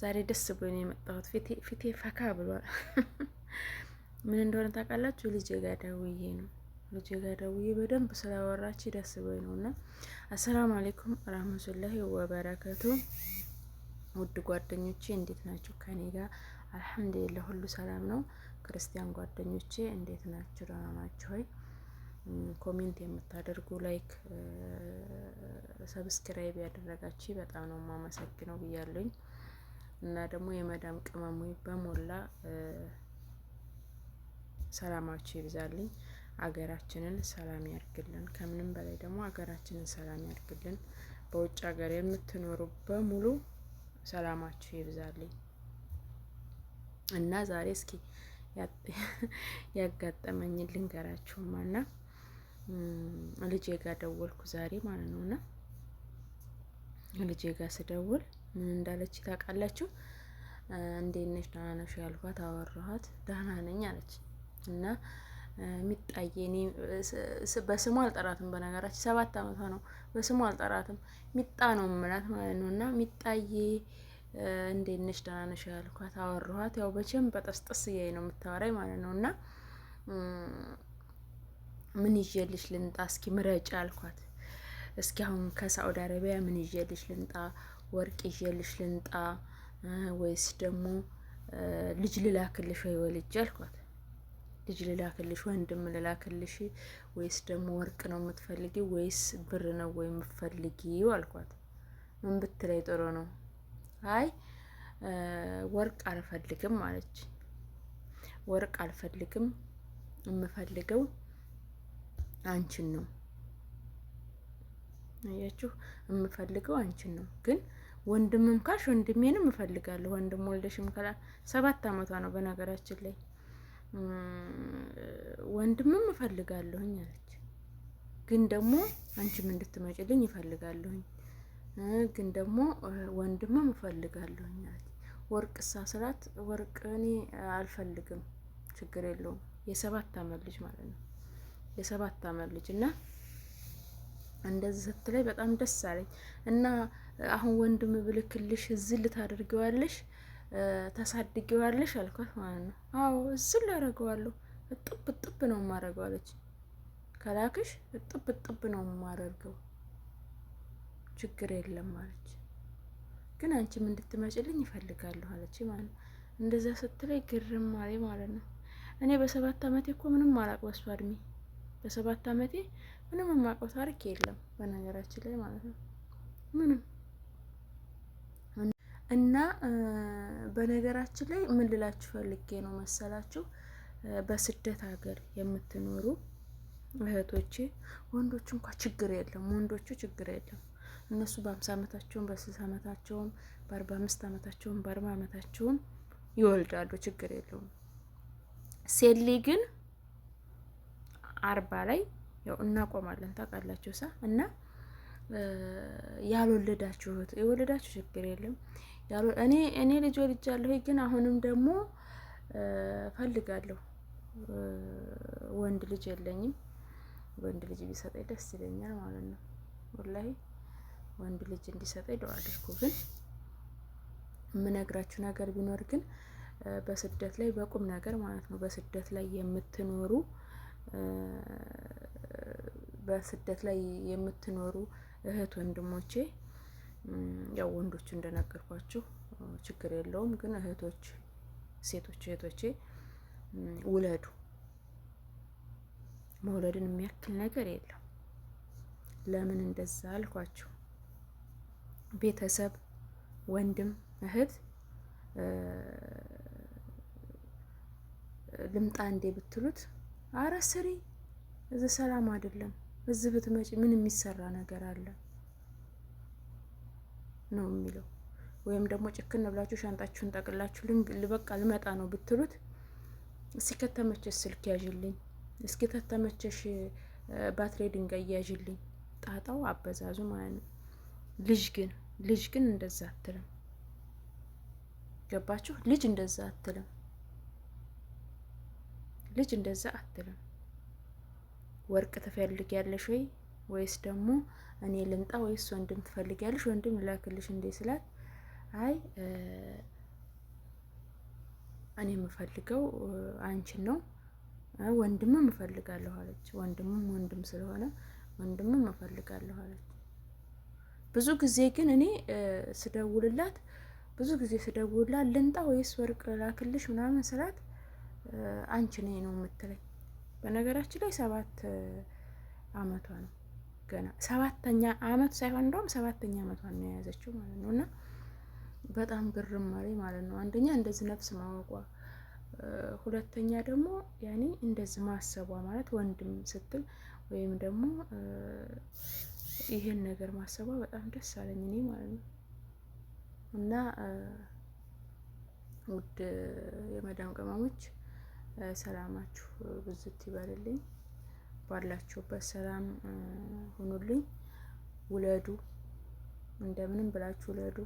ዛሬ ደስ ብሎ ነው የመጣሁት። ፊቴ ፈካ ብሏል። ምን እንደሆነ ታውቃላችሁ? ልጄ ጋ ደውዬ ነው ልጄ ጋ ደውዬ በደንብ ስላወራች ደስ ብሎ ነው። እና አሰላሙ አሌይኩም ረህመቱላሂ ወበረከቱ ውድ ጓደኞቼ እንዴት ናችሁ? ከኔ ጋር አልሐምዱሊላህ ሁሉ ሰላም ነው። ክርስቲያን ጓደኞቼ እንዴት ናችሁ? ደህና ናችሁ ሆይ? ኮሜንት የምታደርጉ ላይክ፣ ሰብስክራይብ ያደረጋችሁ በጣም ነው የማመሰግነው ብያለኝ። እና ደግሞ የመዳም ቅመሙ በሞላ ሰላማችሁ ይብዛልኝ። አገራችንን ሰላም ያርግልን። ከምንም በላይ ደግሞ አገራችንን ሰላም ያርግልን። በውጭ ሀገር የምትኖሩ በሙሉ ሰላማችሁ ይብዛልኝ እና ዛሬ እስኪ ያጋጠመኝ ልንገራችሁማ እና ልጄ ጋ ደወልኩ ዛሬ ማለት ነው እና ልጄ ጋ ስደውል ምን እንዳለች ታውቃላችሁ? እንዴት ነሽ ደህና ነሽ ያልኳት፣ አወራኋት። ደህና ነኝ አለች እና የሚጣዬ እኔ በስሙ አልጠራትም። በነገራችን ሰባት ዓመቷ ነው። በስሙ አልጠራትም ሚጣ ነው የምላት ማለት ነው። እና ሚጣዬ እንዴት ነሽ ደህና ነሽ ያልኳት፣ አወራኋት። ያው በቸም በጠስጠስ እያይ ነው የምታወራኝ ማለት ነው። እና ምን ይዤልሽ ልምጣ እስኪ ምረጭ አልኳት። እስኪ አሁን ከሳዑዲ አረቢያ ምን ይዤልሽ ልምጣ ወርቅ ይዤልሽ ልንጣ ወይስ ደግሞ ልጅ ልላክልሽ ወይ ወልጅ አልኳት። ልጅ ልላክልሽ፣ ወንድም ልላክልሽ ወይስ ደግሞ ወርቅ ነው የምትፈልጊ ወይስ ብር ነው ወይ የምትፈልጊው አልኳት። ምን ብትለይ ጥሩ ነው? አይ ወርቅ አልፈልግም አለች። ወርቅ አልፈልግም፣ የምፈልገው አንቺን ነው። አያችሁ፣ የምፈልገው አንቺን ነው ግን ወንድምም ካሽ ወንድሜንም እፈልጋለሁ ወንድም ወልደሽም ከላ ሰባት አመቷ ነው በነገራችን ላይ ወንድምም እፈልጋለሁኝ አለች። ግን ደግሞ አንቺም እንድትመጪልኝ እፈልጋለሁኝ ግን ደግሞ ወንድምም እፈልጋለሁኝ አለች። ወርቅ ሳስራት ወርቅ እኔ አልፈልግም ችግር የለውም የሰባት አመት ልጅ ማለት ነው የሰባት አመት ልጅ እና እንደዚህ ስትለኝ በጣም ደስ አለኝ እና አሁን ወንድም ብልክልሽ እዚህ ታደርጊዋለሽ ታሳድጊዋለሽ አልኳት ማለት ነው። አዎ እዚህ አደርገዋለሁ፣ እጥብ እጥብ ነው የማደርገው አለች። ከላክሽ እጥብ እጥብ ነው የማደርገው ችግር የለም አለች። ግን አንቺም እንድትመጭልኝ ይፈልጋለሁ አለች ማለት ነው። እንደዚያ ስትለኝ ግርም አለኝ ማለት ነው። እኔ በሰባት አመቴ እኮ ምንም አላቅ በሷ እድሜ በሰባት ዓመቴ ምንም የማውቀው ታሪክ የለም በነገራችን ላይ ማለት ነው ምንም እና በነገራችን ላይ ምን ልላችሁ ፈልጌ ነው መሰላችሁ በስደት ሀገር የምትኖሩ እህቶቼ ወንዶቹ እንኳ ችግር የለም ወንዶቹ ችግር የለም እነሱ በአምሳ ዓመታቸውም በስልሳ አመታቸውም በአርባ አምስት አመታቸውን በአርባ ዓመታቸውም ይወልዳሉ ችግር የለውም ሴሊ ግን አርባ ላይ ያው እናቆማለን ታውቃላችሁ። ሳ እና ያልወለዳችሁት የወለዳችሁ ችግር የለም። እኔ እኔ ልጅ ወልጃለሁ፣ ግን አሁንም ደግሞ ፈልጋለሁ። ወንድ ልጅ የለኝም። ወንድ ልጅ ቢሰጠኝ ደስ ይለኛል ማለት ነው። ወላሂ ወንድ ልጅ እንዲሰጠኝ ደው አድርጉ። ግን የምነግራችሁ ነገር ቢኖር ግን በስደት ላይ በቁም ነገር ማለት ነው በስደት ላይ የምትኖሩ በስደት ላይ የምትኖሩ እህት ወንድሞቼ፣ ያው ወንዶቹ እንደነገርኳችሁ ችግር የለውም ግን እህቶች፣ ሴቶች እህቶቼ ውለዱ። መውለድን የሚያክል ነገር የለም። ለምን እንደዛ አልኳችሁ? ቤተሰብ፣ ወንድም፣ እህት ልምጣ እንዴ ብትሉት አረ ስሪ፣ እዚህ ሰላም አይደለም፣ እዚህ ብትመጪ ምን የሚሰራ ነገር አለ ነው የሚለው። ወይም ደግሞ ጭክን ብላችሁ ሻንጣችሁን ጠቅላችሁ ልበቃ ልመጣ ነው ብትሉት፣ እስኪ ከተመቸሽ ስልክ ያዥልኝ፣ እስኪ ከተመቸሽ ባትሪ ድንጋይ ያዥልኝ። ጣጣው አበዛዙ ማለት ነው። ልጅ ግን ልጅ ግን እንደዛ አትልም። ገባችሁ? ልጅ እንደዛ አትልም። ልጅ እንደዛ አትልም። ወርቅ ትፈልጊያለሽ ወይ ወይስ ደግሞ እኔ ልምጣ ወይስ ወንድም ትፈልጊያለሽ ወንድም ላክልሽ እንዴ ስላት፣ አይ እኔ የምፈልገው አንቺን ነው ወንድምም እፈልጋለሁ አለች። ወንድምም ወንድም ስለሆነ ወንድምም እፈልጋለሁ አለች። ብዙ ጊዜ ግን እኔ ስደውልላት ብዙ ጊዜ ስደውልላት ልንጣ ወይስ ወርቅ ላክልሽ ምናምን ስላት አንቺ ነኝ ነው የምትለኝ። በነገራችን ላይ ሰባት አመቷ ነው ገና ሰባተኛ አመት ሳይሆን እንደውም ሰባተኛ አመቷን ነው የያዘችው ማለት ነው። እና በጣም ግርም አለኝ ማለት ነው። አንደኛ እንደዚህ ነፍስ ማወቋ፣ ሁለተኛ ደግሞ ያኔ እንደዚህ ማሰቧ ማለት ወንድም ስትል ወይም ደግሞ ይሄን ነገር ማሰቧ በጣም ደስ አለኝ እኔ ማለት ነው። እና ውድ የመዳም ቅመሞች ሰላማችሁ ብዝት ይበልልኝ። ባላችሁበት ሰላም ሁኑልኝ። ውለዱ፣ እንደምንም ብላችሁ ውለዱ።